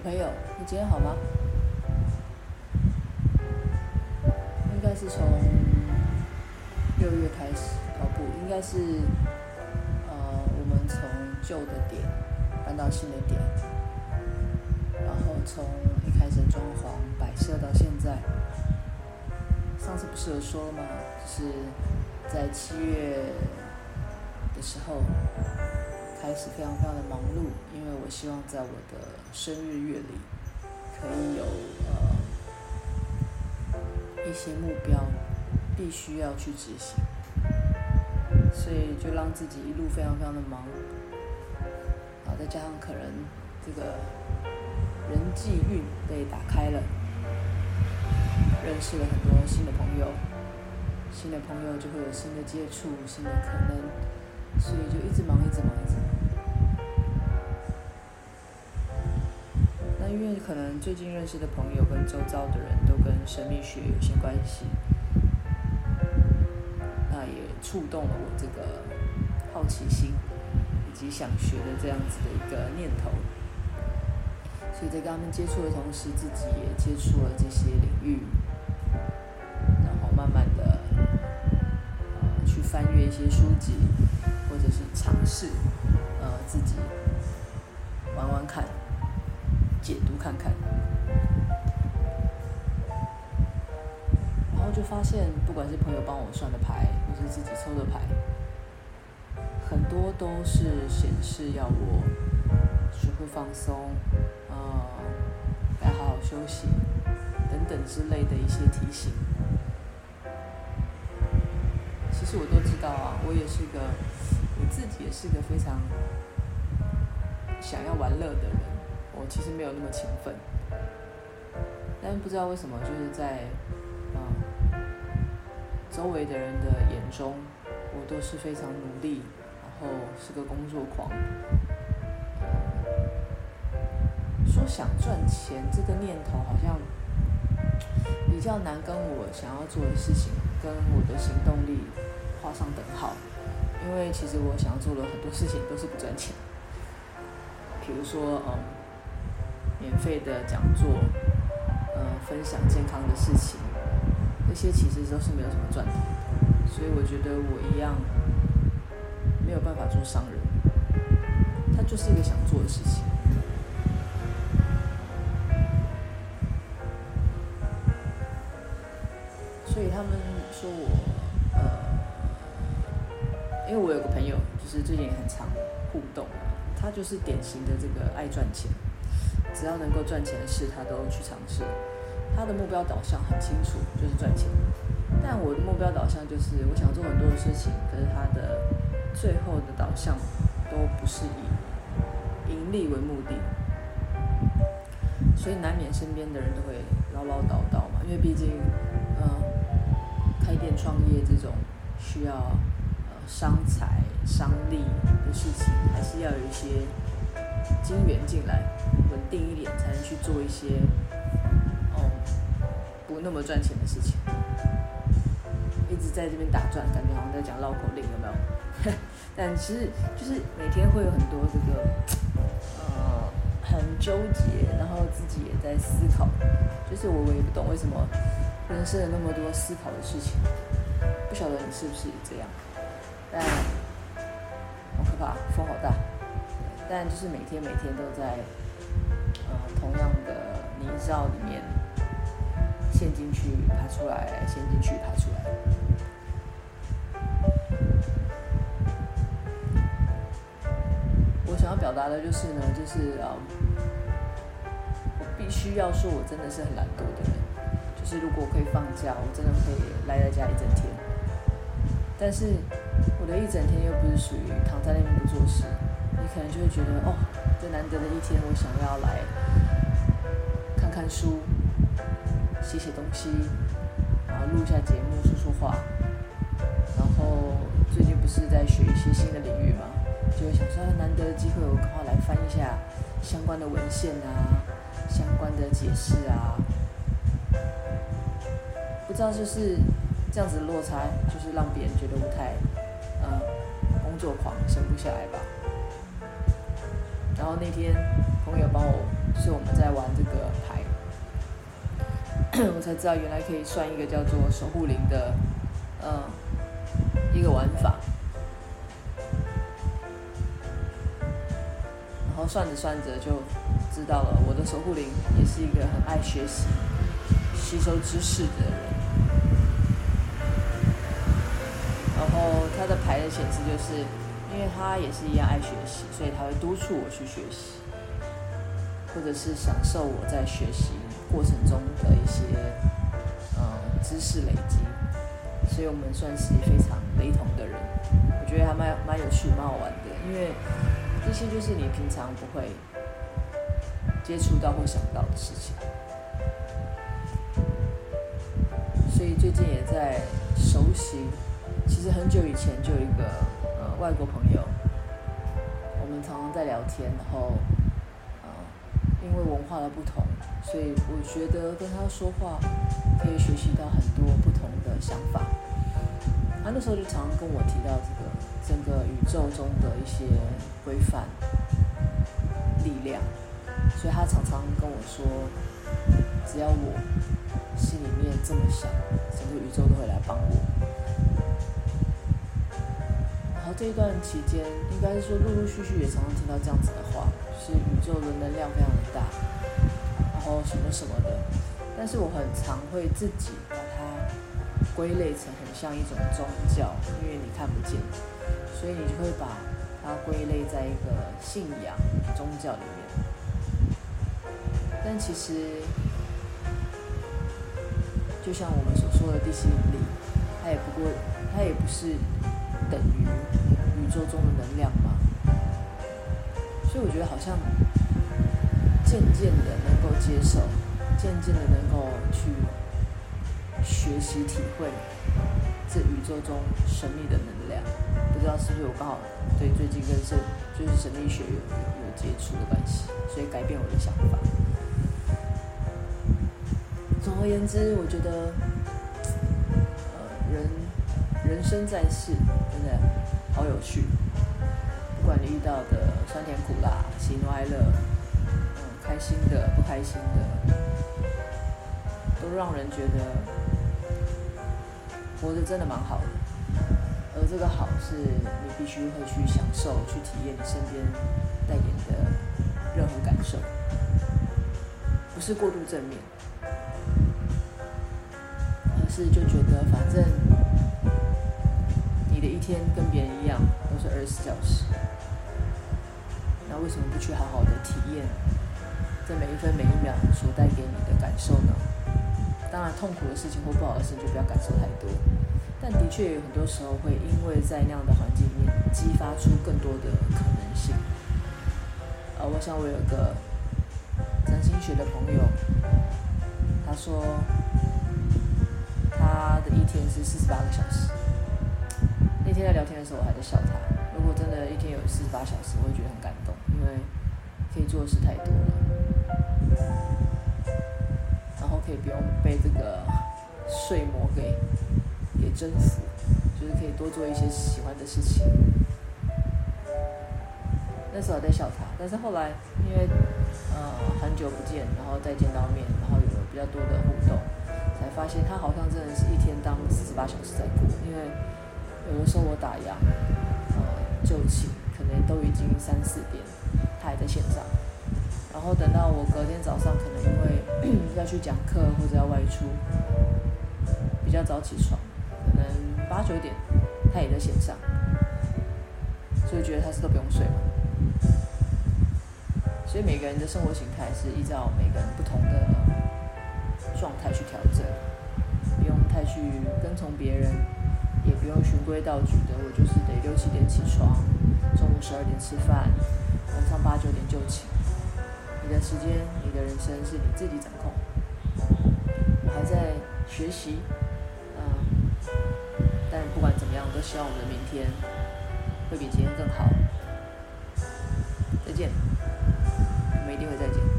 女朋友，你今天好嗎？應該是從六月開始跑步，應該是呃，我們從舊的點搬到新的點，然後從一開始的裝潢擺設到現在，上次不是有說了嗎？就是在七月的時候開始非常非常的忙碌。因為我希望在我的生日月裡可以有呃一些目標，必須要去執行，所以就讓自己一路非常非常的忙，啊，再加上可能這個人際運被打開了，認識了很多新的朋友，新的朋友就會有新的接觸，新的可能，所以就一直忙，一直忙，一直。因為可能最近認識的朋友跟周遭的人都跟神秘學有些關係，那也觸動了我這個好奇心，以及想學的這樣子的一個念頭。所以在跟他們接觸的同時，自己也接觸了這些領域，然後慢慢的呃去翻閱一些書籍，或者是嘗試呃自己。看看，然後就發現，不管是朋友幫我算的牌，還是自己抽的牌，很多都是顯示要我學會放鬆，啊、嗯，要好好休息等等之類的一些提醒。其實我都知道啊，我也是個，我自己也是個非常想要玩樂的人。我其實沒有那麼勤奮，但不知道為什麼，就是在嗯周圍的人的眼中，我都是非常努力，然後是個工作狂。說想賺錢這個念頭，好像比較難跟我想要做的事情、跟我的行動力畫上等號，因為其實我想要做的很多事情都是不賺錢，比如說嗯。免費的講座，呃，分享健康的事情，這些其實都是沒有什麼賺頭，所以我覺得我一樣沒有辦法做商人，他就是一個想做的事情，所以他們說我，呃，因為我有個朋友，就是最近也很常互動，他就是典型的這個愛賺錢。只要能夠賺錢的事，他都去嘗試。他的目標導向很清楚，就是賺錢。但我的目標導向就是，我想做很多的事情，可是他的最後的導向都不是以盈利為目的，所以難免身邊的人都會嘮嘮叨叨嘛。因為畢竟，嗯、呃，開店創業這種需要呃傷財傷力的事情，還是要有一些。金源進來，穩定一點才能去做一些，哦、嗯，不那麼賺錢的事情。一直在這邊打轉，感覺好像在講繞口令，有沒有？但其實就是每天會有很多這個，呃，很糾結，然後自己也在思考，就是我我也不懂為什麼人生有那麼多思考的事情，不曉得你是不是這樣。但好可怕，風好大。但就是每天每天都在，呃，同樣的泥沼裡面陷進去，爬出來，陷進去，爬出來。我想要表達的就是呢，就是啊，我必須要說，我真的是很懶惰的人。就是如果我可以放假，我真的可以賴在家一整天。但是我的一整天又不是屬於躺在那邊不做事。可能就會覺得哦，這難得的一天，我想要來看看書、寫寫東西，然後錄一下節目、說說話。然後最近不是在學一些新的領域嗎？就會想說難得的機會，我剛好來翻一下相關的文獻啊，相關的解釋啊。不知道就是這樣子的落差，就是讓別人覺得我太呃工作狂，閒不下來吧。然後那天朋友幫我，就是我們在玩這個牌，我才知道原來可以算一個叫做守護靈的，呃、嗯、一個玩法。然後算着算着，就知道了我的守護靈也是一個很愛學習、吸收知識的人。然後他的牌的顯示就是。因為他也是一樣愛學習，所以他會督促我去學習，或者是享受我在學習過程中的一些、嗯、知識累積。所以我們算是非常雷同的人，我覺得還蠻蠻有趣、蠻好玩的。因為這些就是你平常不會接觸到或想不到的事情。所以最近也在熟悉，其實很久以前就有一個外國朋友，我們常常在聊天，然後，因為文化的不同，所以我覺得跟他說話可以學習到很多不同的想法。他那時候就常常跟我提到這個整個宇宙中的一些規範、力量，所以他常常跟我說，只要我心裡面這麼想，整個宇宙都會來幫我。然後這一段期間，應該是說陸陸續續也常常聽到這樣子的話，就是宇宙的能量非常的大，然後什麼什麼的。但是我很常會自己把它歸類成很像一種宗教，因為你看不見，所以你就會把它歸類在一個信仰宗教裡面。但其實，就像我們所說的地心引力，它也不過，它也不是。等於宇宙中的能量嗎？所以我覺得好像漸漸的能夠接受，漸漸的能夠去學習體會這宇宙中神秘的能量。不知道是不是我剛好對最近跟神就是神秘學有有接觸的關係，所以改變我的想法。總而言之，我覺得呃人。人生在世，真的好有趣。不管你遇到的酸甜苦辣、啊、喜怒哀樂，嗯，開心的、不開心的，都讓人覺得活着真的蠻好的。而這個好，是你必須會去享受、去體驗你身邊帶給你的任何感受，不是過度正面，而是就覺得反正。一天跟別人一樣都是二十四小時，那為什麼不去好好的體驗，在每一分每一秒所帶給你的感受呢？當然，痛苦的事情或不好的事情就不要感受太多，但的確有很多時候會因為在那樣的環境裡激發出更多的可能性。啊、呃、我想我有個占星學的朋友，他說他的一天是四十八個小時。那天在聊天的時候，我還在笑他。如果真的，一天有四十八小時，我會覺得很感動，因為可以做的事太多了。然後可以不用被這個睡魔給給征服，就是可以多做一些喜歡的事情。那時候還在笑他，但是後來因為呃很久不見，然後再見到面，然後有比較多的互動，才發現他好像真的是一天當四十八小時在過，因為。有的時候我打烊，呃、嗯，就寢，可能都已經三四點，他還在線上。然後等到我隔天早上，可能因為、嗯、要去講課或者要外出，比較早起床，可能八九點，他也在線上。所以覺得他是都不用睡嘛。所以每個人的生活形態是依照每個人不同的、嗯、狀態去調整，不用太去跟從別人。不用循規蹈矩的，我就是得六七點起床，中午十二點吃飯，晚上八九點就寢。你的時間，你的人生是你自己掌控。我還在學習，嗯、呃，但不管怎麼樣，我都希望我們的明天會比今天更好。再見，我們一定會再見。